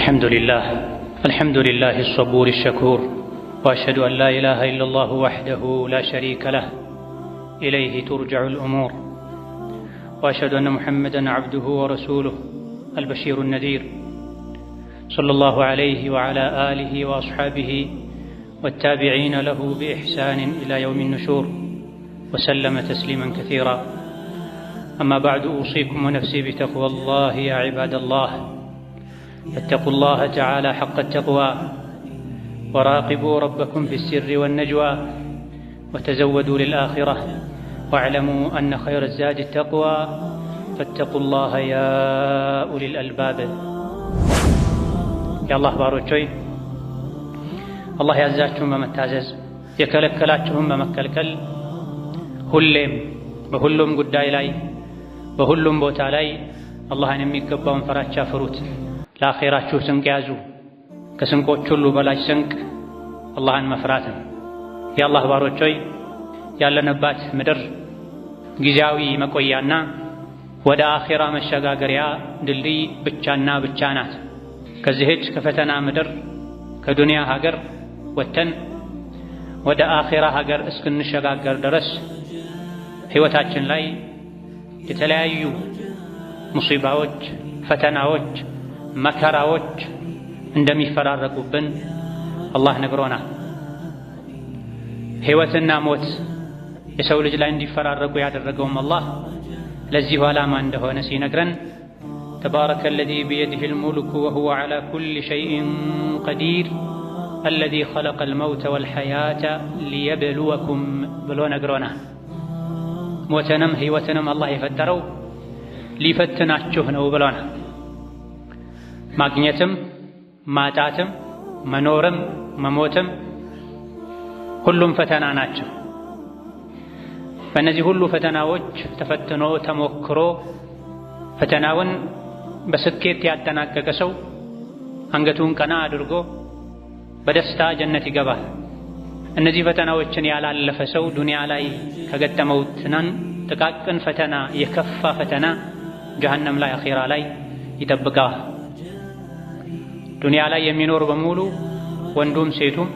الحمد لله الحمد لله الصبور الشكور واشهد ان لا اله الا الله وحده لا شريك له اليه ترجع الامور واشهد ان محمدا عبده ورسوله البشير النذير صلى الله عليه وعلى اله واصحابه والتابعين له باحسان الى يوم النشور وسلم تسليما كثيرا اما بعد اوصيكم ونفسي بتقوى الله يا عباد الله فاتقوا الله تعالى حق التقوى وراقبوا ربكم في السر والنجوى وتزودوا للآخرة واعلموا أن خير الزاد التقوى فاتقوا الله يا أولي الألباب يا الله باروتشوي الله يعزاتهم ما متعزز يكلكلاتهم ما مكلكل هلم بهلم قد لاي بهلم بوتالاي الله أن يميك بهم فراتشا فروت ለአኼራችሁ ስንቅ ያዙ። ከስንቆች ሁሉ በላሽ ስንቅ አላህን መፍራትን። የአላህ ባሮች ሆይ ያለንባት ምድር ጊዜያዊ መቆያና ወደ አኼራ መሸጋገሪያ ድልድይ ብቻና ብቻ ናት። ከዚህች ከፈተና ምድር ከዱንያ ሀገር ወጥተን ወደ አኼራ ሀገር እስክንሸጋገር ድረስ ሕይወታችን ላይ የተለያዩ ሙሲባዎች፣ ፈተናዎች መከራዎች እንደሚፈራረቁብን አላህ ነግሮናል። ሕይወትና ሞት የሰው ልጅ ላይ እንዲፈራረቁ ያደረገውም አላህ ለዚሁ ዓላማ እንደሆነ ሲነግረን ተባረከ አለዚ ቢየዲህ ልሙልኩ ወሁወ ዓላ ኩሊ ሸይእን ቀዲር አለዚ ኸለቀ ልመውተ ወልሐያተ ሊየብልወኩም ብሎ ነግሮናል። ሞትንም ሕይወትንም አላህ የፈጠረው ሊፈትናችሁ ነው ብሎናል። ማግኘትም ማጣትም መኖርም መሞትም ሁሉም ፈተና ናቸው። በእነዚህ ሁሉ ፈተናዎች ተፈትኖ ተሞክሮ ፈተናውን በስኬት ያጠናቀቀ ሰው አንገቱን ቀና አድርጎ በደስታ ጀነት ይገባል። እነዚህ ፈተናዎችን ያላለፈ ሰው ዱንያ ላይ ከገጠመው ትናን ጥቃቅን ፈተና የከፋ ፈተና ጀሀነም ላይ አኼራ ላይ ይጠብቀዋል። ዱንያ ላይ የሚኖር በሙሉ ወንዱም ሴቱም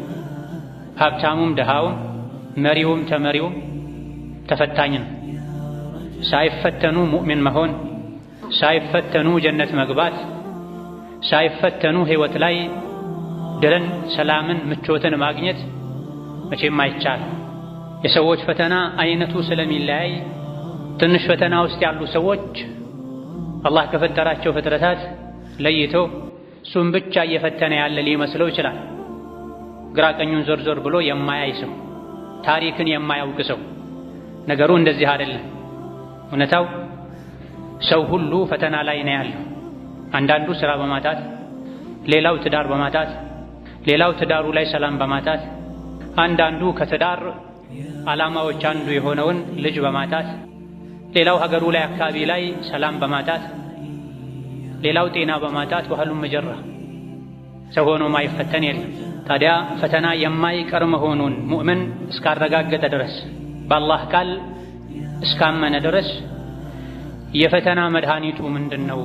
ሀብታሙም ድሃውም መሪውም ተመሪውም ተፈታኝ ነው። ሳይፈተኑ ሙእሚን መሆን፣ ሳይፈተኑ ጀነት መግባት፣ ሳይፈተኑ ህይወት ላይ ድልን፣ ሰላምን፣ ምቾትን ማግኘት መቼም አይቻል። የሰዎች ፈተና አይነቱ ስለሚለያይ ትንሽ ፈተና ውስጥ ያሉ ሰዎች አላህ ከፈጠራቸው ፍጥረታት ለይተው እሱም ብቻ እየፈተነ ያለ ሊመስለው ይችላል። ግራቀኙን ዞር ዞር ብሎ የማያይ ሰው፣ ታሪክን የማያውቅ ሰው። ነገሩ እንደዚህ አይደለም። እውነታው ሰው ሁሉ ፈተና ላይ ነው ያለው። አንዳንዱ ስራ በማጣት ሌላው ትዳር በማጣት ሌላው ትዳሩ ላይ ሰላም በማጣት አንዳንዱ ከትዳር ዓላማዎች አንዱ የሆነውን ልጅ በማጣት ሌላው ሀገሩ ላይ አካባቢ ላይ ሰላም በማጣት ሌላው ጤና በማጣት ባህሉን መጀራ ሰው ሆኖ ማይፈተን የለም። ታዲያ ፈተና የማይቀር መሆኑን ሙእምን እስካረጋገጠ ድረስ በአላህ ቃል እስካመነ ድረስ የፈተና መድኃኒቱ ምንድን ነው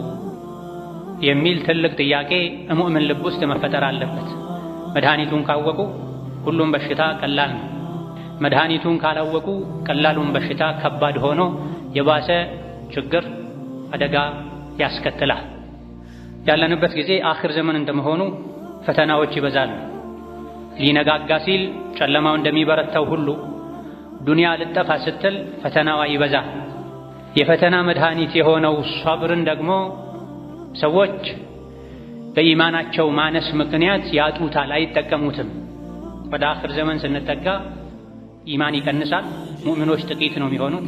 የሚል ትልቅ ጥያቄ ሙእምን ልብ ውስጥ መፈጠር አለበት። መድኃኒቱን ካወቁ ሁሉም በሽታ ቀላል ነው። መድኃኒቱን ካላወቁ ቀላሉን በሽታ ከባድ ሆኖ የባሰ ችግር አደጋ ያስከትላል። ያለንበት ጊዜ አኽር ዘመን እንደመሆኑ ፈተናዎች ይበዛሉ። ሊነጋጋ ሲል ጨለማው እንደሚበረታው ሁሉ ዱንያ ልጠፋ ስትል ፈተናዋ ይበዛ። የፈተና መድኃኒት የሆነው ሷብርን ደግሞ ሰዎች በኢማናቸው ማነስ ምክንያት ያጡታል፣ አይጠቀሙትም። ወደ አኽር ዘመን ስንጠጋ ኢማን ይቀንሳል። ሙእሚኖች ጥቂት ነው የሚሆኑት።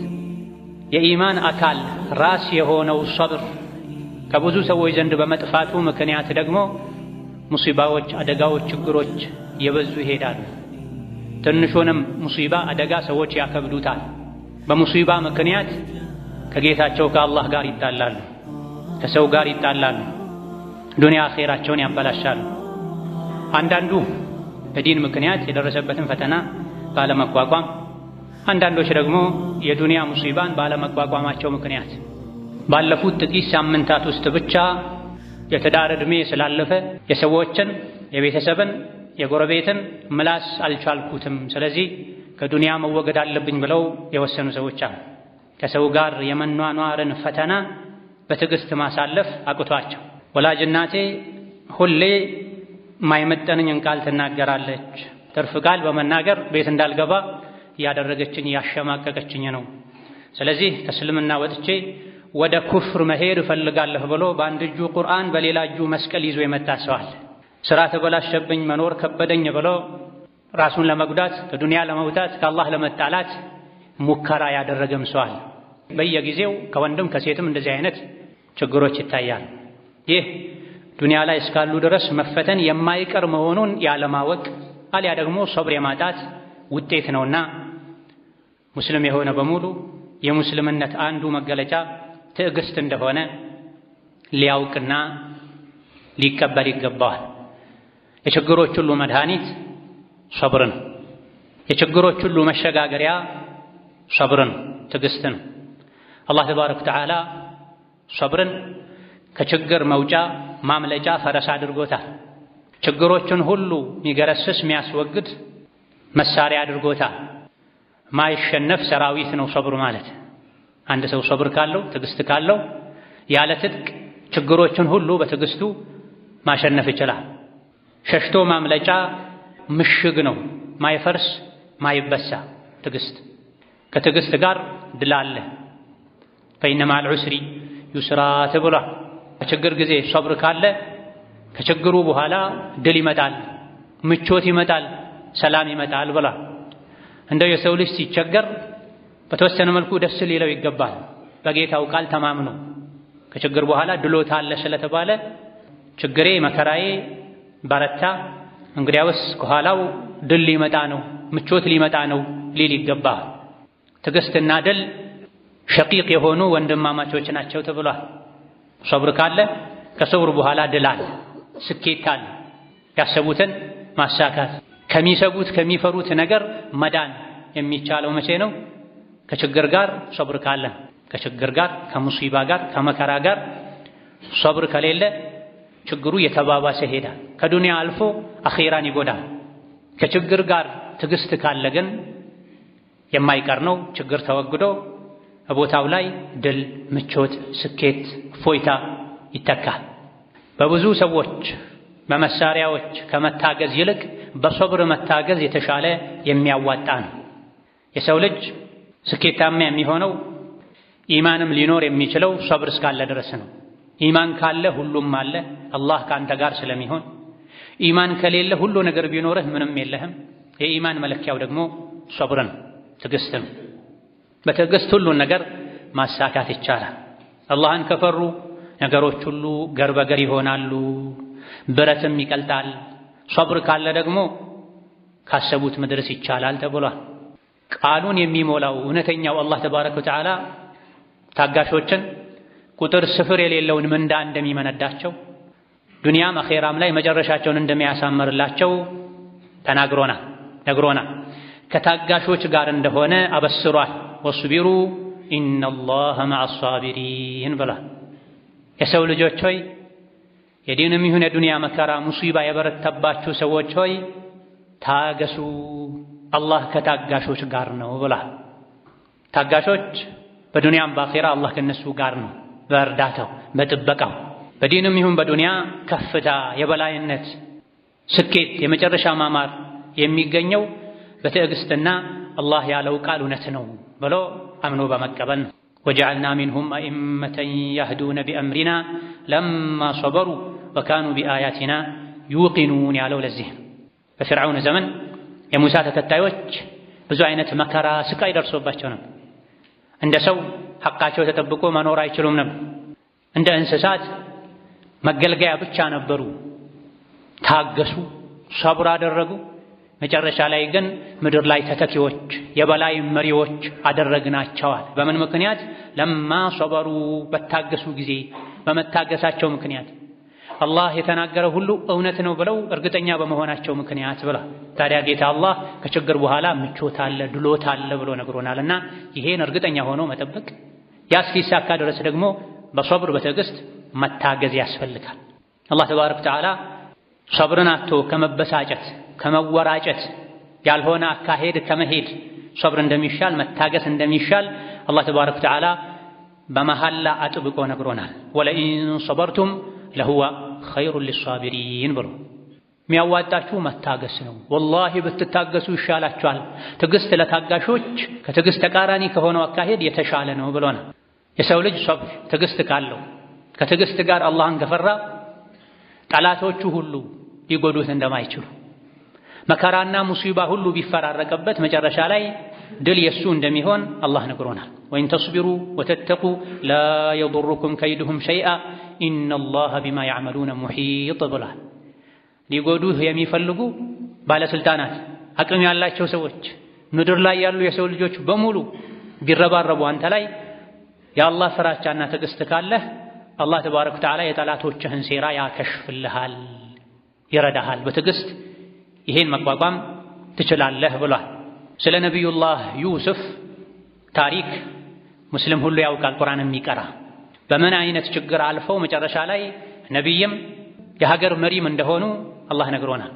የኢማን አካል ራስ የሆነው ሷብር ከብዙ ሰዎች ዘንድ በመጥፋቱ ምክንያት ደግሞ ሙሲባዎች፣ አደጋዎች፣ ችግሮች እየበዙ ይሄዳሉ። ትንሹንም ሙሲባ አደጋ ሰዎች ያከብዱታል። በሙሲባ ምክንያት ከጌታቸው ከአላህ ጋር ይጣላሉ፣ ከሰው ጋር ይጣላሉ፣ ዱንያ አኼራቸውን ያበላሻሉ። አንዳንዱ በዲን ምክንያት የደረሰበትን ፈተና ባለመቋቋም፣ አንዳንዶች ደግሞ የዱንያ ሙሲባን ባለመቋቋማቸው ምክንያት ባለፉት ጥቂት ሳምንታት ውስጥ ብቻ የትዳር ዕድሜ ስላለፈ የሰዎችን፣ የቤተሰብን፣ የጎረቤትን ምላስ አልቻልኩትም፣ ስለዚህ ከዱንያ መወገድ አለብኝ ብለው የወሰኑ ሰዎች አሉ። ከሰው ጋር የመኗኗርን ፈተና በትዕግሥት ማሳለፍ አቅቷቸው ወላጅ እናቴ ሁሌ ማይመጠንኝን ቃል ትናገራለች። ትርፍ ቃል በመናገር ቤት እንዳልገባ እያደረገችኝ እያሸማቀቀችኝ ነው። ስለዚህ ከእስልምና ወጥቼ ወደ ኩፍር መሄድ እፈልጋለሁ ብሎ በአንድ እጁ ቁርአን በሌላ እጁ መስቀል ይዞ የመጣ ሰዋል። ስራ ተበላሸብኝ፣ መኖር ከበደኝ ብሎ ራሱን ለመጉዳት ከዱንያ ለመውጣት ከአላህ ለመጣላት ሙከራ ያደረገም ሰዋል። በየጊዜው ከወንድም ከሴትም እንደዚህ አይነት ችግሮች ይታያል። ይህ ዱንያ ላይ እስካሉ ድረስ መፈተን የማይቀር መሆኑን ያለማወቅ አሊያ ደግሞ ሶብር የማጣት ውጤት ነውና ሙስሊም የሆነ በሙሉ የሙስልምነት አንዱ መገለጫ ትዕግስት እንደሆነ ሊያውቅና ሊቀበል ይገባዋል። የችግሮች ሁሉ መድኃኒት ሶብር ነው። የችግሮች ሁሉ መሸጋገሪያ ሶብር ነው፣ ትዕግስት ነው። አላህ ተባረከ ወተዓላ ሶብርን ከችግር መውጫ ማምለጫ ፈረስ አድርጎታል። ችግሮችን ሁሉ የሚገረስስ የሚያስወግድ መሳሪያ አድርጎታል። ማይሸነፍ ሰራዊት ነው ሶብር ማለት አንድ ሰው ሶብር ካለው ትዕግስት ካለው ያለ ትጥቅ ችግሮችን ሁሉ በትዕግስቱ ማሸነፍ ይችላል። ሸሽቶ ማምለጫ ምሽግ ነው፣ ማይፈርስ ማይበሳ ትዕግስት። ከትዕግስት ጋር ድል አለ። ፈኢነ መዐል ዩስራ ተብሏል። በችግር ጊዜ ሶብር ካለ ከችግሩ በኋላ ድል ይመጣል፣ ምቾት ይመጣል፣ ሰላም ይመጣል ብሏል። እንደው የሰው ልጅ ሲቸገር በተወሰነ መልኩ ደስ ሊለው ይገባል። በጌታው ቃል ተማምኖ ከችግር በኋላ አለ ስለተባለ ችግሬ መከራዬ በረታ፣ እንግዲያውስ ከኋላው ድል ሊመጣ ነው፣ ምቾት ሊመጣ ነው ሊል ይገባል። ትዕግስትና ድል ሸቂቅ የሆኑ ወንድማማቾች ናቸው ተብሏል። ሶብር ካለ ከሶብር በኋላ ድል አለ፣ ስኬት አለ፣ ያሰቡትን ማሳካት ከሚሰጉት ከሚፈሩት ነገር መዳን የሚቻለው መቼ ነው? ከችግር ጋር ሰብር ካለ ከችግር ጋር ከሙሲባ ጋር ከመከራ ጋር ሰብር ከሌለ ችግሩ የተባባሰ ይሄዳል። ከዱንያ አልፎ አኼራን ይጎዳል። ከችግር ጋር ትዕግስት ካለ ግን የማይቀር ነው። ችግር ተወግዶ በቦታው ላይ ድል፣ ምቾት፣ ስኬት፣ ፎይታ ይተካል። በብዙ ሰዎች በመሳሪያዎች ከመታገዝ ይልቅ በሶብር መታገዝ የተሻለ የሚያዋጣ ነው። የሰው ልጅ ስኬታማ የሚሆነው ኢማንም ሊኖር የሚችለው ሰብር እስካለ ድረስ ነው። ኢማን ካለ ሁሉም አለ፣ አላህ ከአንተ ጋር ስለሚሆን። ኢማን ከሌለ ሁሉ ነገር ቢኖርህ ምንም የለህም። የኢማን መለኪያው ደግሞ ሰብር ነው፣ ትዕግስት ነው። በትዕግስት ሁሉን ነገር ማሳካት ይቻላል። አላህን ከፈሩ ነገሮች ሁሉ ገር በገር ይሆናሉ፣ ብረትም ይቀልጣል። ሰብር ካለ ደግሞ ካሰቡት መድረስ ይቻላል ተብሏል። ቃሉን የሚሞላው እውነተኛው አላህ ተባረከ ወተዓላ ታጋሾችን ቁጥር ስፍር የሌለውን ምንዳ እንደሚመነዳቸው ዱንያም አኼራም ላይ መጨረሻቸውን እንደሚያሳምርላቸው ተናግሮናል፣ ነግሮናል። ከታጋሾች ጋር እንደሆነ አበስሯል። ወሱቢሩ ኢነላህ መዐሳቢሪን ብሏል። የሰው ልጆች ሆይ የዲንም ይሁን የዱንያ መከራ ሙሲባ የበረታባችሁ ሰዎች ሆይ ታገሱ አላህ ከታጋሾች ጋር ነው ብሏል። ታጋሾች በዱንያም በአኼራ አላህ ከነሱ ጋር ነው በእርዳታው፣ በጥበቃው በዲንም ይሁን በዱንያ ከፍታ፣ የበላይነት፣ ስኬት፣ የመጨረሻ ማማር የሚገኘው በትዕግስትና አላህ ያለው ቃል እውነት ነው ብሎ አምኖ በመቀበል ነው። ወጀዐልና ሚንሁም አኢመተን ያህዱነ ቢአምሪና ለማ ሰበሩ ወካኑ ቢአያቲና ዩቂኑን ያለው ለዚህ በፊርዓውን ዘመን የሙሳ ተከታዮች ብዙ አይነት መከራ፣ ስቃይ ደርሶባቸው ነበር። እንደ ሰው ሐቃቸው ተጠብቆ መኖር አይችሉም ነበር። እንደ እንስሳት መገልገያ ብቻ ነበሩ። ታገሱ፣ ሰብር አደረጉ። መጨረሻ ላይ ግን ምድር ላይ ተተኪዎች፣ የበላይ መሪዎች አደረግናቸዋል። በምን ምክንያት? ለማ ሰበሩ፣ በታገሱ ጊዜ በመታገሳቸው ምክንያት አላህ የተናገረ ሁሉ እውነት ነው ብለው እርግጠኛ በመሆናቸው ምክንያት ብላ ታዲያ ጌታ አላህ ከችግር በኋላ ምቾት አለ፣ ድሎት አለ ብሎ ነግሮናልና ይሄን እርግጠኛ ሆኖ መጠበቅ ያስኪሳካ ድረስ ደግሞ በሰብር በትዕግስት መታገዝ ያስፈልጋል። አላህ ተባረከ ወተዓላ ሰብርን አቶ ከመበሳጨት ከመወራጨት ያልሆነ አካሄድ ከመሄድ ሰብር እንደሚሻል መታገስ እንደሚሻል አላህ ተባረከ ወተዓላ በመሐላ አጥብቆ ነግሮናል። ወለኢን ሰበርቱም ለሁዋ ኸይሩን ሊሳቢሪን ብሎ የሚያዋጣችሁ መታገስ ነው። ወላሂ ብትታገሱ ይሻላችኋል። ትዕግስት ለታጋሾች ከትዕግስት ተቃራኒ ከሆነው አካሄድ የተሻለ ነው ብሎና የሰው ልጅ ሶብር ትዕግስት ካለው ከትዕግስት ጋር አላህን ከፈራ ጠላቶቹ ሁሉ ሊጎዱት እንደማይችሉ መከራና ሙሲባ ሁሉ ቢፈራረቀበት መጨረሻ ላይ دل يسون دميهون الله نقرونا وإن تصبروا وتتقوا لا يضركم كيدهم شيئا إن الله بما يعملون محيط بلا ليقودوه يميفلقوا بالا سلطانات أكرم الله شو سويت ندر لا يالو يسول جوش بمولو بربا ربو أنت يا الله فراج جانا تقستقال له الله تبارك وتعالى يتعالى توجهن سيرا يا كشف اللهال يردهال بتقست يهين مقبقام تشلال له بلال ስለ ነቢዩላህ ዩሱፍ ታሪክ ሙስሊም ሁሉ ያውቃል፣ ቁርአን የሚቀራ በምን አይነት ችግር አልፈው መጨረሻ ላይ ነቢይም የሀገር መሪም እንደሆኑ አላህ ነግሮናል።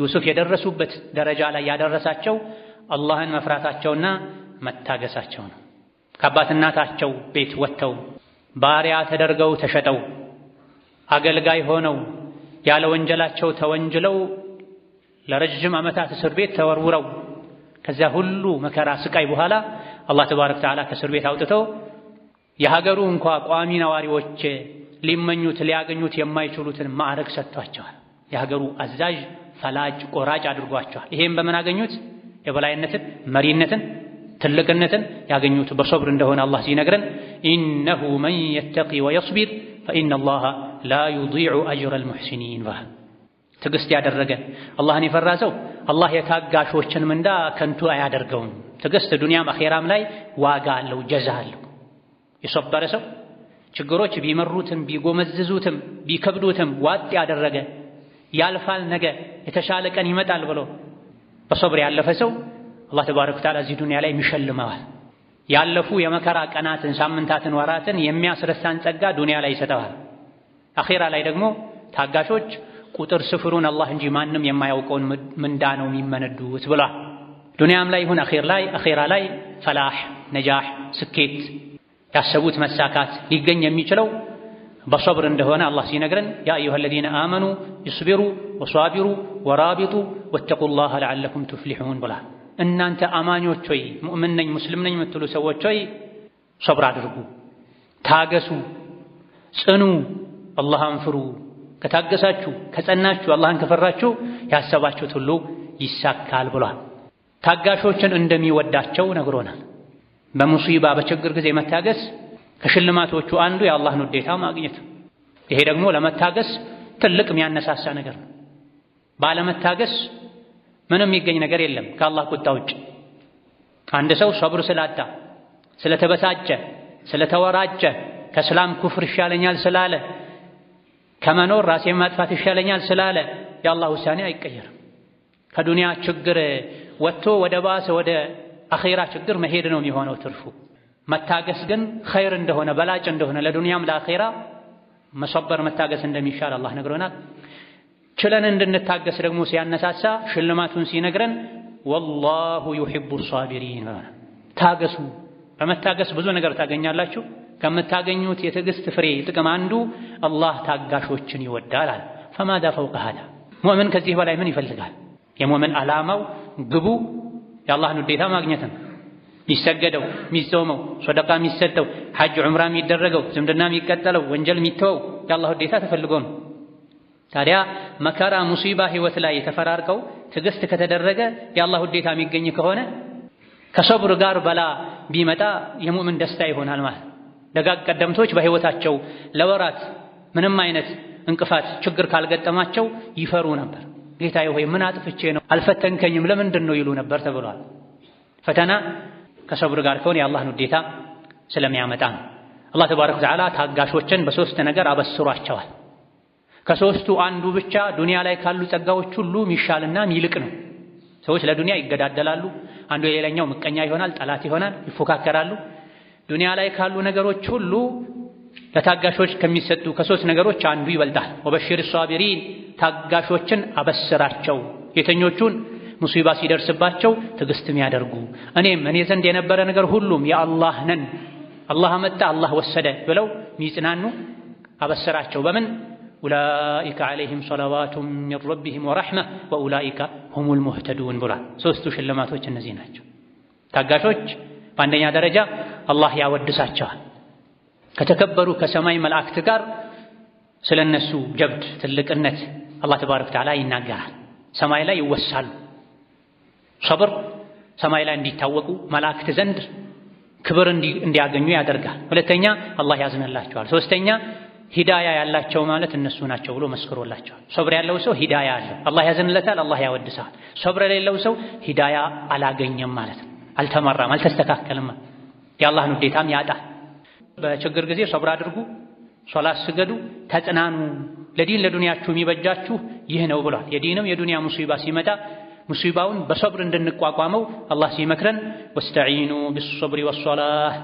ዩሱፍ የደረሱበት ደረጃ ላይ ያደረሳቸው አላህን መፍራታቸውና መታገሳቸው ነው። ከአባት እናታቸው ቤት ወጥተው ባሪያ ተደርገው ተሸጠው አገልጋይ ሆነው ያለ ወንጀላቸው ተወንጅለው ለረጅም ዓመታት እስር ቤት ተወርውረው ከዚያ ሁሉ መከራ ስቃይ በኋላ አላህ ተባረከ ወተዓላ ከእስር ቤት አውጥተው የሀገሩ እንኳ ቋሚ ነዋሪዎች ሊመኙት ሊያገኙት የማይችሉትን ማዕረግ ሰጥቷቸዋል። የሀገሩ አዛዥ ፈላጭ ቆራጭ አድርጓቸዋል። ይሄም በምን አገኙት? የበላይነትን፣ መሪነትን፣ ትልቅነትን ያገኙት በሶብር እንደሆነ አላህ ሲነግረን ኢነሁ መን የተቂ ወየስቢር ፈኢነ አላህ ላ ዩዲዑ አጅረል ሙሕሲኒን ትዕግስት ያደረገ አላህን የፈራ ሰው አላህ የታጋሾችን ምንዳ ከንቱ አያደርገውም። ትዕግስት ዱንያም አኼራም ላይ ዋጋ አለው፣ ጀዛ አለው። የሰበረ ሰው ችግሮች ቢመሩትም ቢጎመዝዙትም ቢከብዱትም ዋጥ ያደረገ ያልፋል፣ ነገ የተሻለ ቀን ይመጣል ብሎ በሰብር ያለፈ ሰው አላህ ተባረከ ወተዓላ እዚህ ዱንያ ላይ የሚሸልመዋል። ያለፉ የመከራ ቀናትን፣ ሳምንታትን፣ ወራትን የሚያስረሳን ጸጋ ዱንያ ላይ ይሰጠዋል። አኼራ ላይ ደግሞ ታጋሾች ቁጥር ስፍሩን አላህ እንጂ ማንም የማያውቀውን ምንዳ ነው የሚመነዱት ብሏል። ዱንያም ላይ ይሁን አኼር ላይ አኼራ ላይ ፈላህ ነጃህ ስኬት ያሰቡት መሳካት ሊገኝ የሚችለው በሰብር እንደሆነ አላህ ሲነግረን ያ አዩሃ አለዚነ አመኑ ይስቢሩ ወሳቢሩ ወራቢጡ ወተቁላህ ለዓለኩም ቱፍሊሑን ብሏል። እናንተ አማኞች ሆይ ሙእምን ነኝ ሙስሊም ነኝ የምትሉ ሰዎች ሆይ ሰብር አድርጉ፣ ታገሱ፣ ጽኑ፣ አላህን ፍሩ ከታገሳችሁ ከጸናችሁ አላህን ከፈራችሁ ያሰባችሁት ሁሉ ይሳካል ብሏል። ታጋሾችን እንደሚወዳቸው ነግሮናል። በሙሲባ በችግር ጊዜ መታገስ ከሽልማቶቹ አንዱ የአላህን ውዴታ ማግኘት። ይሄ ደግሞ ለመታገስ ትልቅ የሚያነሳሳ ነገር ነው። ባለመታገስ ምንም የሚገኝ ነገር የለም ከአላህ ቁጣ ውጭ። አንድ ሰው ሰብር ስላጣ፣ ስለተበሳጨ፣ ስለተወራጨ ከእስላም ኩፍር ይሻለኛል ስላለ ከመኖር ራሴን ማጥፋት ይሻለኛል ስላለ የአላህ ውሳኔ አይቀየርም። ከዱንያ ችግር ወጥቶ ወደ ባሰ ወደ አኼራ ችግር መሄድ ነው የሚሆነው ትርፉ። መታገስ ግን ኸይር እንደሆነ በላጭ እንደሆነ ለዱንያም ለአኼራ መሰበር መታገስ እንደሚሻል አላህ ነግሮናል። ችለን እንድንታገስ ደግሞ ሲያነሳሳ ሽልማቱን ሲነግረን ወላሁ ዩሂቡ ሳቢሪን ታገሱ። በመታገስ ብዙ ነገር ታገኛላችሁ። ከምታገኙት የትዕግስት ፍሬ ጥቅም አንዱ አላህ ታጋሾችን ይወዳል አለ። ፈማዳ ፈውቀ ሃዳ ሙእምን ከዚህ በላይ ምን ይፈልጋል? የሙእምን ዓላማው ግቡ የአላህን ውዴታ ማግኘት ነው። ሚሰገደው፣ ሚጾመው፣ ሶደቃ የሚሰጠው፣ ሐጅ ዑምራ የሚደረገው፣ ዝምድና የሚቀጠለው፣ ወንጀል የሚተወው የአላህ ውዴታ ተፈልጎ ነው። ታዲያ መከራ ሙሲባ ህይወት ላይ የተፈራርቀው ትዕግስት ከተደረገ የአላህ ውዴታ የሚገኝ ከሆነ ከሰብር ጋር በላ ቢመጣ የሙእምን ደስታ ይሆናል ማለት ነው። ደጋግ ቀደምቶች በህይወታቸው ለወራት ምንም አይነት እንቅፋት ችግር ካልገጠማቸው ይፈሩ ነበር። ጌታ ሆይ ምን አጥፍቼ ነው አልፈተንከኝም ለምንድን ነው ይሉ ነበር ተብሏል። ፈተና ከሰብር ጋር ከሆነ የአላህን ውዴታ ስለሚያመጣ ነው። አላህ ተባረከ ወተዓላ ታጋሾችን በሶስት ነገር አበስሯቸዋል። ከሶስቱ አንዱ ብቻ ዱንያ ላይ ካሉ ጸጋዎች ሁሉ ሚሻልና ሚልቅ ነው። ሰዎች ለዱንያ ይገዳደላሉ። አንዱ የሌላኛው ምቀኛ ይሆናል፣ ጠላት ይሆናል፣ ይፎካከራሉ። ዱንያ ላይ ካሉ ነገሮች ሁሉ ለታጋሾች ከሚሰጡ ከሶስት ነገሮች አንዱ ይበልጣል። ወበሽር ሷቢሪን ታጋሾችን አበስራቸው። የተኞቹን ሙሲባ ሲደርስባቸው ትዕግስት የሚያደርጉ እኔም እኔ ዘንድ የነበረ ነገር ሁሉም የአላህ ነን፣ አላህ አመጣ፣ አላህ ወሰደ ብለው ሚጽናኑ አበስራቸው። በምን ኡላኢከ ዓለይሂም ሰለዋቱ ሚን ረቢሂም ወረሕማ ወኡላኢከ ሁሙል ሙህተዱን ብሏል። ሶስቱ ሽልማቶች እነዚህ ናቸው። ታጋሾች በአንደኛ ደረጃ አላህ ያወድሳቸዋል። ከተከበሩ ከሰማይ መላእክት ጋር ስለ እነሱ ጀብድ ትልቅነት አላህ ተባረከ ወተዓላ ይናገራል። ሰማይ ላይ ይወሳሉ። ሰብር ሰማይ ላይ እንዲታወቁ መላእክት ዘንድ ክብር እንዲያገኙ ያደርጋል። ሁለተኛ አላህ ያዝንላቸዋል። ሶስተኛ ሂዳያ ያላቸው ማለት እነሱ ናቸው ብሎ መስክሮላቸዋል። ሶብር ያለው ሰው ሂዳያ አለው፣ አላህ ያዝንለታል፣ አላህ ያወድሳል። ሶብር የሌለው ሰው ሂዳያ አላገኘም ማለት ነው። አልተመራም፣ አልተስተካከልም። የአላህን ውዴታም ያጣል። በችግር ጊዜ ሰብር አድርጉ፣ ሶላት ስገዱ፣ ተጽናኑ፣ ለዲን ለዱንያችሁ የሚበጃችሁ ይህ ነው ብሏል። የዲንም የዱንያ ሙሲባ ሲመጣ ሙሲባውን በሰብር እንድንቋቋመው አላህ ሲመክረን ወስተዒኑ ቢሶብሪ ወሶላህ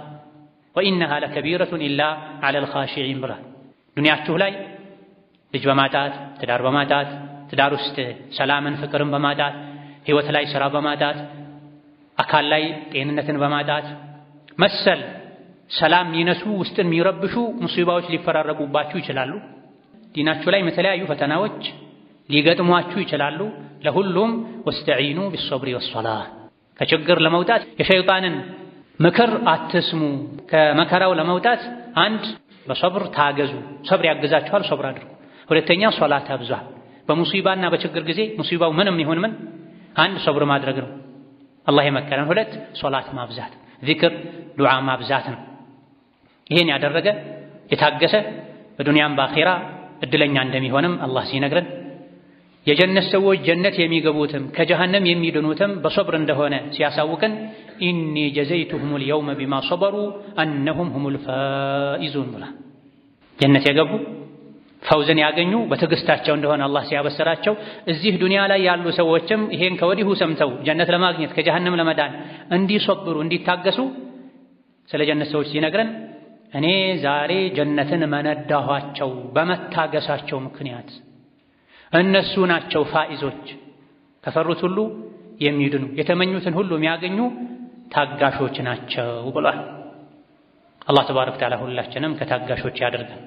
ወኢነሃ ለከቢረቱን ኢላ ዐለል ኻሺዒን ብሏል። ዱንያችሁ ላይ ልጅ በማጣት ትዳር በማጣት ትዳር ውስጥ ሰላምን ፍቅርን በማጣት ህይወት ላይ ሥራ በማጣት አካል ላይ ጤንነትን በማጣት መሰል ሰላም የሚነሱ ውስጥን የሚረብሹ ሙሲባዎች ሊፈራረቁባችሁ ይችላሉ። ዲናችሁ ላይ የተለያዩ ፈተናዎች ሊገጥሟችሁ ይችላሉ። ለሁሉም ወስተዒኑ ቢሶብሪ ወሶላ ከችግር ለመውጣት የሸይጣንን ምክር አትስሙ። ከመከራው ለመውጣት አንድ በሶብር ታገዙ። ሶብር ያግዛችኋል፣ ሶብር አድርጉ። ሁለተኛ ሶላት አብዟል። በሙሲባና በችግር ጊዜ ሙሲባው ምንም ይሁን ምን አንድ ሶብር ማድረግ ነው፣ አላህ የመከረን። ሁለት ሶላት ማብዛት ዚክር ዱዓ ማብዛት ነው። ይሄን ያደረገ የታገሰ በዱንያም በአኼራ እድለኛ እንደሚሆንም አላህ ሲነግረን የጀነት ሰዎች ጀነት የሚገቡትም ከጀሃነም የሚድኑትም በሶብር እንደሆነ ሲያሳውቅን ኢኒ ጀዘይቱሁም ልየውመ ቢማ ሶበሩ አነሁም ሁሙል ልፋኢዙን ብላ ጀነት የገቡ ፈውዝን ያገኙ በትዕግስታቸው እንደሆነ አላህ ሲያበሰራቸው እዚህ ዱንያ ላይ ያሉ ሰዎችም ይሄን ከወዲሁ ሰምተው ጀነት ለማግኘት ከጀሃንም ለመዳን እንዲሶብሩ እንዲታገሱ ስለ ጀነት ሰዎች ሲነግረን እኔ ዛሬ ጀነትን መነዳኋቸው በመታገሳቸው ምክንያት እነሱ ናቸው ፋኢዞች፣ ከፈሩት ሁሉ የሚድኑ የተመኙትን ሁሉ የሚያገኙ ታጋሾች ናቸው ብሏል። አላህ ተባረከ ወተዓላ ሁላችንም ከታጋሾች ያደርገን።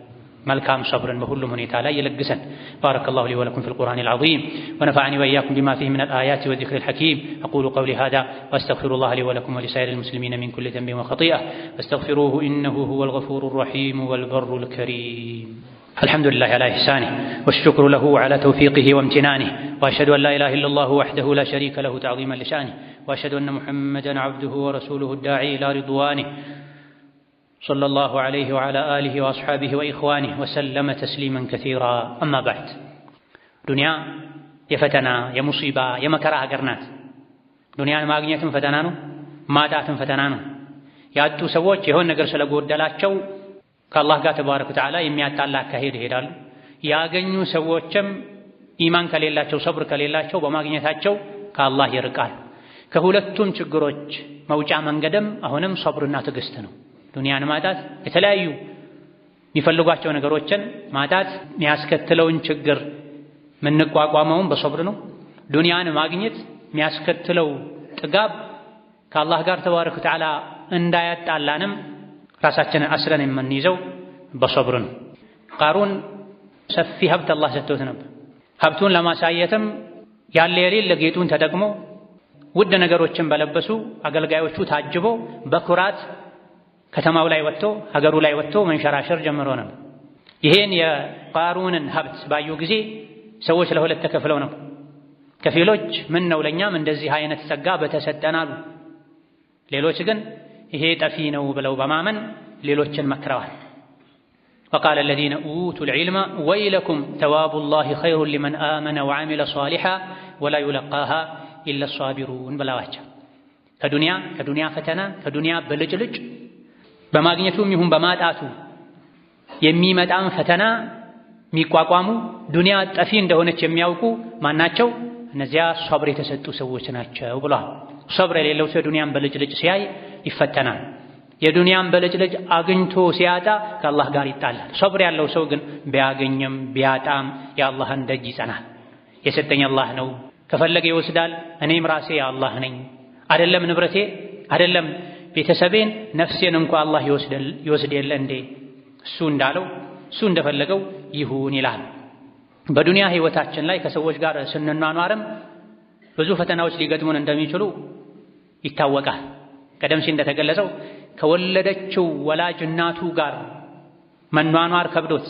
ملكام صبرا وهل من تعالى يلقسا بارك الله لي ولكم في القرآن العظيم ونفعني وإياكم بما فيه من الآيات والذكر الحكيم أقول قولي هذا وأستغفر الله لي ولكم ولسائر المسلمين من كل ذنب وخطيئة فاستغفروه إنه هو الغفور الرحيم والبر الكريم الحمد لله على إحسانه والشكر له على توفيقه وامتنانه وأشهد أن لا إله إلا الله وحده لا شريك له تعظيما لشأنه وأشهد أن محمدا عبده ورسوله الداعي إلى رضوانه ሶለላሁ ዓለይህ ወዓላ وعلى آله وأصحابه ወሰለመ ተስሊመን تسليما كثيرا أما بعد دنيا يفتنا يمصيبة يمكرة هجرنات دنيا ما أغنيتم فتنانو ما دعتم فتنانو ያጡ ሰዎች የሆን ነገር ስለጎደላቸው ከአላህ ጋር ተባረከ ወተዓላ የሚያጣላ አካሄድ ይሄዳሉ። ያገኙ ሰዎችም ኢማን ከሌላቸው ሰብር ከሌላቸው በማግኘታቸው ከአላህ ይርቃል። ከሁለቱም ችግሮች መውጫ መንገድም አሁንም ሰብርና ትዕግስት ነው። ዱንያን ማጣት የተለያዩ የሚፈልጓቸው ነገሮችን ማጣት የሚያስከትለውን ችግር የምንቋቋመውን በሶብር ነው። ዱንያን ማግኘት የሚያስከትለው ጥጋብ ከአላህ ጋር ተባረከ ወተዓላ እንዳያጣላንም ራሳችንን አስረን የምንይዘው በሶብር ነው። ቃሩን ሰፊ ሀብት አላህ ሰጥቶት ነበር። ሀብቱን ለማሳየትም ያለ የሌለ ጌጡን ተጠቅሞ ውድ ነገሮችን በለበሱ አገልጋዮቹ ታጅቦ በኩራት ከተማው ላይ ወጥቶ ሀገሩ ላይ ወጥቶ መንሸራሸር ጀምሮ ነበር። ይሄን የቃሩንን ሀብት ባዩ ጊዜ ሰዎች ለሁለት ተከፍለው ነው። ከፊሎች ምን ነው ለእኛም እንደዚህ አይነት ጸጋ በተሰጠን አሉ። ሌሎች ግን ይሄ ጠፊ ነው ብለው በማመን ሌሎችን መክረዋል። ወቃለ አለዚነ ኡቱል ዒልመ ወይለኩም ተዋቡ ላሂ ኸይሩን ሊመን አመነ ወዓሚለ ሷሊሓ ወላ ዩለቃሃ ኢለ ሷቢሩን ብለዋቸው ከዱንያ ከዱንያ ፈተና ከዱንያ ብልጭልጭ በማግኘቱም ይሁን በማጣቱ የሚመጣን ፈተና የሚቋቋሙ ዱንያ ጠፊ እንደሆነች የሚያውቁ ማናቸው? እነዚያ ሶብር የተሰጡ ሰዎች ናቸው ብሏል። ሶብር የሌለው ሰው የዱንያን በልጭልጭ ሲያይ ይፈተናል። የዱንያን በልጭልጭ አግኝቶ ሲያጣ ከአላህ ጋር ይጣላል። ሶብር ያለው ሰው ግን ቢያገኝም ቢያጣም የአላህን ደጅ ይጸናል። የሰጠኝ አላህ ነው፣ ከፈለገ ይወስዳል፣ እኔም ራሴ የአላህ ነኝ፣ አይደለም ንብረቴ አይደለም ቤተሰቤን ነፍሴን እንኳ አላህ ይወስድ የለ እንዴ? እሱ እንዳለው እሱ እንደፈለገው ይሁን ይላል። በዱንያ ህይወታችን ላይ ከሰዎች ጋር ስንኗኗርም ብዙ ፈተናዎች ሊገጥሙን እንደሚችሉ ይታወቃል። ቀደም ሲል እንደተገለጸው ከወለደችው ወላጅ እናቱ ጋር መኗኗር ከብዶት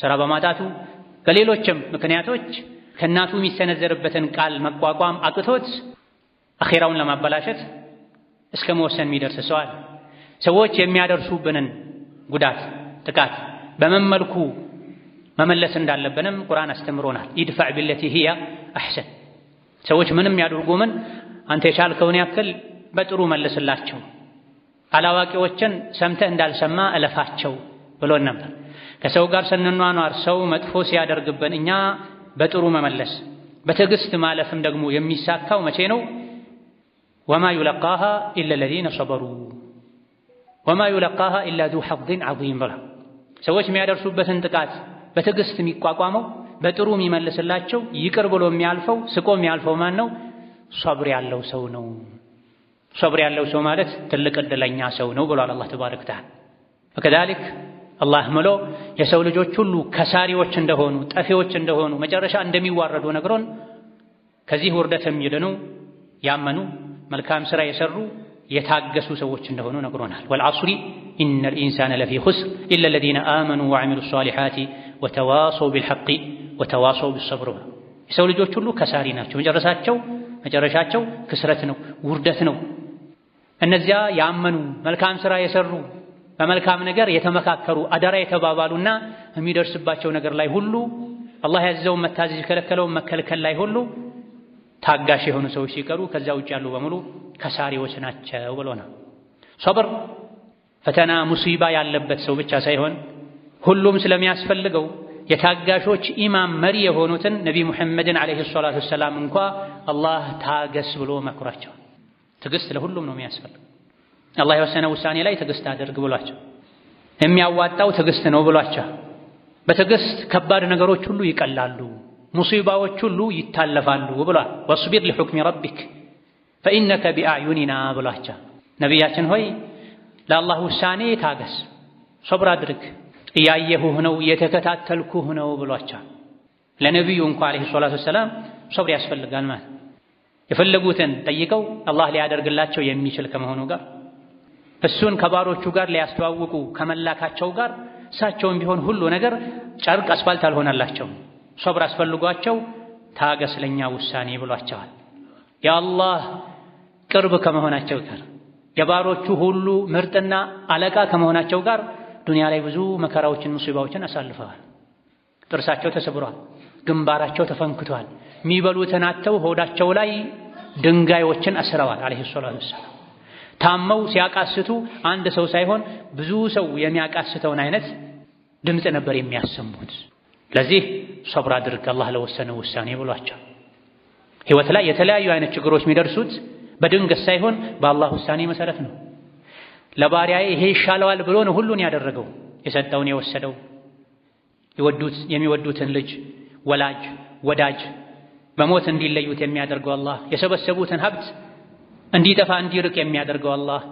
ስራ በማጣቱ በሌሎችም ምክንያቶች ከእናቱ የሚሰነዘርበትን ቃል መቋቋም አቅቶት አኼራውን ለማበላሸት እስከ መወሰን የሚደርስ ሰው አለ። ሰዎች የሚያደርሱብንን ጉዳት፣ ጥቃት በምን መልኩ መመለስ እንዳለብንም ቁርአን አስተምሮናል። ኢድፋዕ ቢለቲ ሂያ አሕሰን። ሰዎች ምንም ያድርጉ ምን አንተ የቻልከውን ያክል በጥሩ መልስላቸው፣ አላዋቂዎችን ሰምተህ እንዳልሰማ እለፋቸው ብሎን ነበር። ከሰው ጋር ስንኗኗር ሰው መጥፎ ሲያደርግብን እኛ በጥሩ መመለስ፣ በትዕግስት ማለፍም ደግሞ የሚሳካው መቼ ነው? ወማ ዩለቃሃ ኢለ ለዚነ ሰበሩ ወማ ዩለቃሃ ኢላ ዙ ሐዝን ዐዚም ብላ ሰዎች የሚያደርሱበትን ጥቃት በትዕግሥት የሚቋቋመው በጥሩ የሚመልስላቸው ይቅር ብሎ የሚያልፈው ስቆ የሚያልፈው ማን ነው? ሶብር ያለው ሰው ነው። ሶብር ያለው ሰው ማለት ትልቅ ዕድለኛ ሰው ነው ብሏል አላህ ተባረከ ወተዓላ። ወከዛሊክ አላህ ምሎ የሰው ልጆች ሁሉ ከሳሪዎች እንደሆኑ ጠፊዎች እንደሆኑ መጨረሻ እንደሚዋረዱ ነግሮን ከዚህ ውርደት የሚድኑ ያመኑ መልካም ሥራ የሰሩ የታገሱ ሰዎች እንደሆኑ ነግሮናል። ወልዐስሪ ኢነል ኢንሳነ ለፊ ኹስር ኢለ ለዚነ አመኑ ወዐሚሉ ሷሊሓቲ ወተዋሰው ቢልሐቂ ወተዋሰው ቢሰብር። የሰው ልጆች ሁሉ ከሳሪ ናቸው። መጨረሻቸው መጨረሻቸው ክስረት ነው፣ ውርደት ነው። እነዚያ ያመኑ መልካም ሥራ የሰሩ በመልካም ነገር የተመካከሩ አደራ የተባባሉና የሚደርስባቸው ነገር ላይ ሁሉ አላህ ያዘዘውን መታዘዝ የከለከለውን መከልከል ላይ ሁሉ ታጋሽ የሆኑ ሰዎች ሲቀሩ ከዛ ውጭ ያሉ በሙሉ ከሳሪዎች ናቸው ብሎ ነው። ሶብር ፈተና ሙሲባ ያለበት ሰው ብቻ ሳይሆን ሁሉም ስለሚያስፈልገው የታጋሾች ኢማም መሪ የሆኑትን ነቢይ ሙሐመድን ዓለይሂ ሰላቱ ወሰላም እንኳ አላህ ታገስ ብሎ መክሯቸው። ትዕግስት ለሁሉም ነው የሚያስፈልገው። አላህ የወሰነ ውሳኔ ላይ ትዕግስት አድርግ ብሏቸው፣ የሚያዋጣው ትዕግስት ነው ብሏቸው። በትዕግስት ከባድ ነገሮች ሁሉ ይቀላሉ። ሙሲባዎች ሁሉ ይታለፋሉ ብሏል። ወስቢር ሊሑክሚ ረቢክ ፈኢነከ ቢአዩኒና ብሏቸው ነቢያችን ሆይ ለአላህ ውሳኔ ታገስ፣ ሶብር አድርግ፣ እያየሁህ ነው እየተከታተልኩህ ነው ብሏቸው። ለነቢዩ እንኳ ዓለይሂ ሰላቱ ወሰላም ሶብር ያስፈልጋል ማለት የፈለጉትን ጠይቀው አላህ ሊያደርግላቸው የሚችል ከመሆኑ ጋር እሱን ከባሮቹ ጋር ሊያስተዋውቁ ከመላካቸው ጋር እሳቸውም ቢሆን ሁሉ ነገር ጨርቅ አስፋልት አልሆነላቸውም። ሶብር አስፈልጓቸው ታገስ ለኛ ውሳኔ ብሏቸዋል። የአላህ ቅርብ ከመሆናቸው ጋር የባሮቹ ሁሉ ምርጥና አለቃ ከመሆናቸው ጋር ዱንያ ላይ ብዙ መከራዎችን፣ ሙሲባዎችን አሳልፈዋል። ጥርሳቸው ተሰብሯል። ግንባራቸው ተፈንክቷል። የሚበሉትን አጥተው ሆዳቸው ላይ ድንጋዮችን አስረዋል። አለይሂ ሰላቱ ወሰላም ታመው ሲያቃስቱ አንድ ሰው ሳይሆን ብዙ ሰው የሚያቃስተውን አይነት ድምፅ ነበር የሚያሰሙት። ለዚህ ሰብር አድርግ አላህ ለወሰነው ውሳኔ ብሏቸው። ህይወት ላይ የተለያዩ አይነት ችግሮች የሚደርሱት በድንገት ሳይሆን በአላህ ውሳኔ መሰረት ነው። ለባሪያዬ ይሄ ይሻለዋል ብሎ ነው ሁሉን ያደረገው፣ የሰጠውን የወሰደው፣ ይወዱት የሚወዱትን ልጅ ወላጅ ወዳጅ በሞት እንዲለዩት የሚያደርገው አላህ፣ የሰበሰቡትን ሀብት እንዲጠፋ እንዲርቅ የሚያደርገው አላህ፣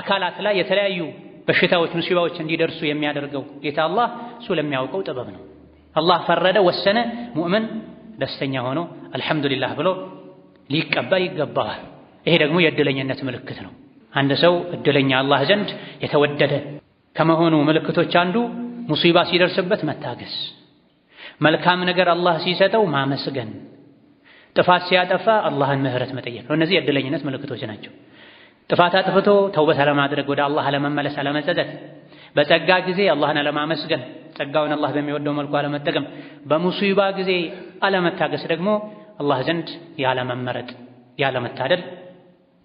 አካላት ላይ የተለያዩ በሽታዎች ሙሲባዎች እንዲደርሱ የሚያደርገው ጌታ አላህ እሱ ለሚያውቀው ጥበብ ነው። አላህ ፈረደ፣ ወሰነ። ሙእምን ደስተኛ ሆኖ አልሐምዱሊላህ ብሎ ሊቀበል ይገባዋል። ይሄ ደግሞ የእድለኝነት ምልክት ነው። አንድ ሰው እድለኛ አላህ ዘንድ የተወደደ ከመሆኑ ምልክቶች አንዱ ሙሲባ ሲደርስበት መታገስ፣ መልካም ነገር አላህ ሲሰጠው ማመስገን፣ ጥፋት ሲያጠፋ አላህን ምህረት መጠየቅ ነው። እነዚህ የእድለኝነት ምልክቶች ናቸው። ጥፋት አጥፍቶ ተውበት አለማድረግ፣ ወደ አላህ አለመመለስ፣ አለመጸጸት፣ በጸጋ ጊዜ አላህን አለማመስገን ጸጋውን አላህ በሚወደው መልኩ አለመጠቀም፣ በሙሲባ ጊዜ አለመታገስ ደግሞ አላህ ዘንድ ያለመመረጥ ያለመታደል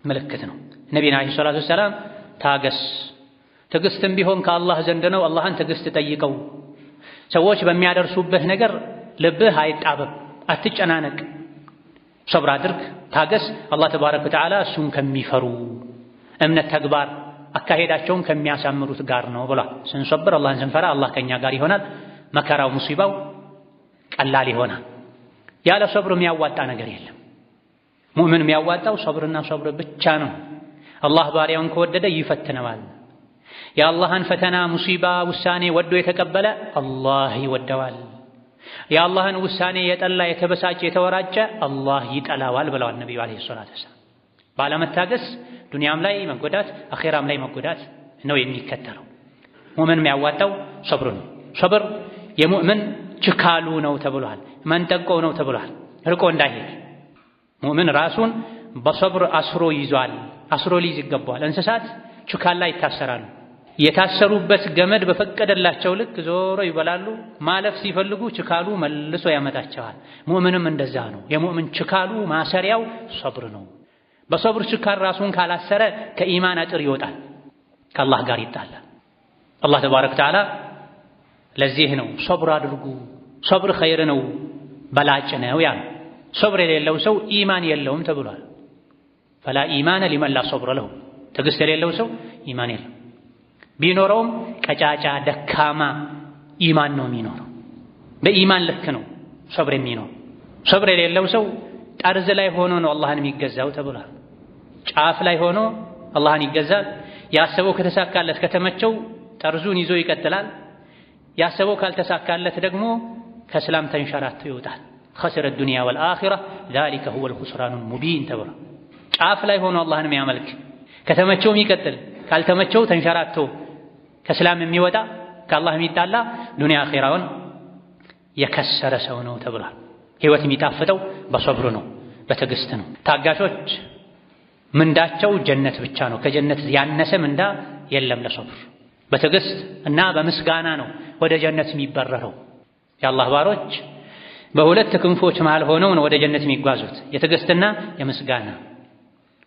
ምልክት ነው። ነቢና ዓለይሂ ሰላቱ ወሰላም ታገስ፣ ትዕግስትም ቢሆን ከአላህ ዘንድ ነው። አላህን ትዕግስት ጠይቀው። ሰዎች በሚያደርሱበት ነገር ልብህ አይጣበብ፣ አትጨናነቅ፣ ሰብር አድርግ፣ ታገስ። አላህ ተባረከ ወተዓላ እሱን ከሚፈሩ እምነት ተግባር አካሄዳቸውን ከሚያሳምሩት ጋር ነው ብሏል። ስንሰብር አላህን ስንፈራ አላህ ከኛ ጋር ይሆናል። መከራው ሙሲባው ቀላል ይሆናል። ያለ ሰብር የሚያዋጣ ነገር የለም። ሙእምን የሚያዋጣው ሰብርና ሰብር ብቻ ነው። አላህ ባሪያውን ከወደደ ይፈትነዋል። የአላህን ፈተና ሙሲባ ውሳኔ ወዶ የተቀበለ አላህ ይወደዋል። የአላህን ውሳኔ የጠላ የተበሳጨ የተወራጨ አላህ ይጠላዋል ብለዋል ነቢዩ ዓለይሂ ሰላቱ ወሰላም ባለመታገስ ዱንያም ላይ መጎዳት አኼራም ላይ መጎዳት ነው የሚከተለው። ሙእምን የሚያዋጣው ሰብር ነው። ሰብር የሙእምን ችካሉ ነው ተብሏል። መንጠቆው ነው ተብሏል። ርቆ እንዳይሄድ ሙእምን ራሱን በሰብር አስሮ ይዟል። አስሮ ሊይዝ ይገባዋል። እንስሳት ችካላ ይታሰራሉ። የታሰሩበት ገመድ በፈቀደላቸው ልክ ዞሮ ይበላሉ። ማለፍ ሲፈልጉ ችካሉ መልሶ ያመጣቸዋል። ሙእምንም እንደዛ ነው። የሙእምን ችካሉ ማሰሪያው ሰብር ነው። በሰብር ሽካር ራሱን ካላሰረ ከኢማን አጥር ይወጣል፣ ከአላህ ጋር ይጣላል። አላህ ተባረከ ወተዓላ ለዚህ ነው ሰብር አድርጉ ሰብር ኸይር ነው በላጭ ነው ያሉ። ሰብር የሌለው ሰው ኢማን የለውም ተብሏል። ፈላ ኢማነ ሊመን ላ ለሁ፣ ትዕግሥት የሌለው ሰው ኢማን የለው። ቢኖረውም ቀጫጫ ደካማ ኢማን ነው የሚኖረው። በኢማን ልክ ነው ሰብር የሚኖር። ሰብር የሌለው ሰው ጠርዝ ላይ ሆኖ ነው አላህን የሚገዛው ተብሏል። ጫፍ ላይ ሆኖ አላህን ይገዛል። ያሰበው ከተሳካለት ከተመቸው ጠርዙን ይዞ ይቀጥላል። ያሰበው ካልተሳካለት ደግሞ ከእስላም ተንሸራቶ ይወጣል። ኸስረ ዱንያ ወልአኺራ ዛሊከ ሁወል ኹስራኑል ሙቢን ተብሏል። ጫፍ ላይ ሆኖ አላህን የሚያመልክ ከተመቸው የሚቀጥል ካልተመቸው ተንሸራቶ ከእስላም የሚወጣ ከአላህ የሚጣላ ዱንያ አኺራውን የከሰረ ሰው ነው ተብሏል። ህይወት የሚጣፍጠው በሰብር ነው፣ በትዕግስት ነው። ታጋሾች ምንዳቸው ጀነት ብቻ ነው። ከጀነት ያነሰ ምንዳ የለም ለሰብር በትዕግስት እና በምስጋና ነው ወደ ጀነት የሚበረረው። የአላህ ባሮች በሁለት ክንፎች መሃል ሆነው ነው ወደ ጀነት የሚጓዙት፣ የትዕግስትና የምስጋና።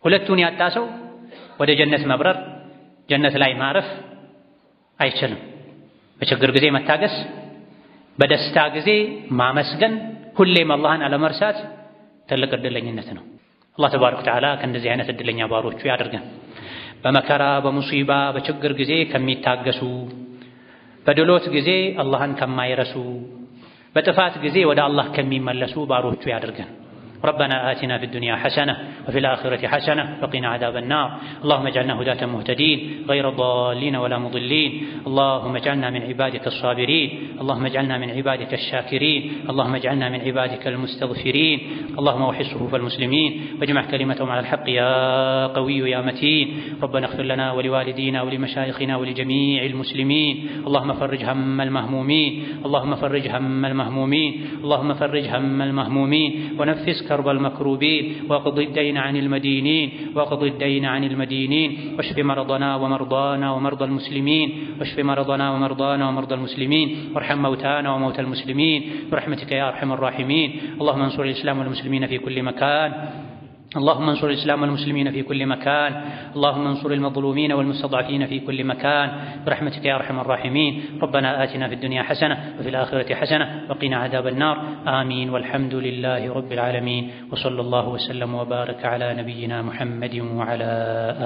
ሁለቱን ያጣ ሰው ወደ ጀነት መብረር፣ ጀነት ላይ ማረፍ አይችልም። በችግር ጊዜ መታገስ፣ በደስታ ጊዜ ማመስገን፣ ሁሌም አላህን አለመርሳት ትልቅ እድለኝነት ነው። አላህ ተባረከ ወተዓላ ከእንደዚህ አይነት እድለኛ ባሮቹ ያደርገን። በመከራ በሙሲባ በችግር ጊዜ ከሚታገሱ፣ በድሎት ጊዜ አላህን ከማይረሱ፣ በጥፋት ጊዜ ወደ አላህ ከሚመለሱ ባሮቹ ያደርገን። ربنا آتنا في الدنيا حسنة وفي الآخرة حسنة وقنا عذاب النار اللهم اجعلنا هداة مهتدين غير ضالين ولا مضلين اللهم اجعلنا من عبادك الصابرين اللهم اجعلنا من عبادك الشاكرين اللهم اجعلنا من عبادك المستغفرين اللهم وحي صفوف المسلمين واجمع كلمتهم على الحق يا قوي يا متين ربنا اغفر لنا ولوالدينا ولمشايخنا ولجميع المسلمين اللهم فرج هم المهمومين اللهم فرج هم المهمومين اللهم فرج هم المهمومين ونفس كرب المكروبين واقض الدين عن المدينين واقض الدين عن المدينين واشف مرضنا ومرضانا ومرضى المسلمين واشف مرضنا ومرضانا ومرضى المسلمين وارحم موتانا وموتى المسلمين برحمتك يا ارحم الراحمين اللهم انصر الاسلام والمسلمين في كل مكان اللهم انصر الإسلام والمسلمين في كل مكان اللهم انصر المظلومين والمستضعفين في كل مكان برحمتك يا أرحم الراحمين ربنا آتنا في الدنيا حسنة وفي الآخرة حسنة وقنا عذاب النار آمين والحمد لله رب العالمين وصلى الله وسلم وبارك على نبينا محمد وعلى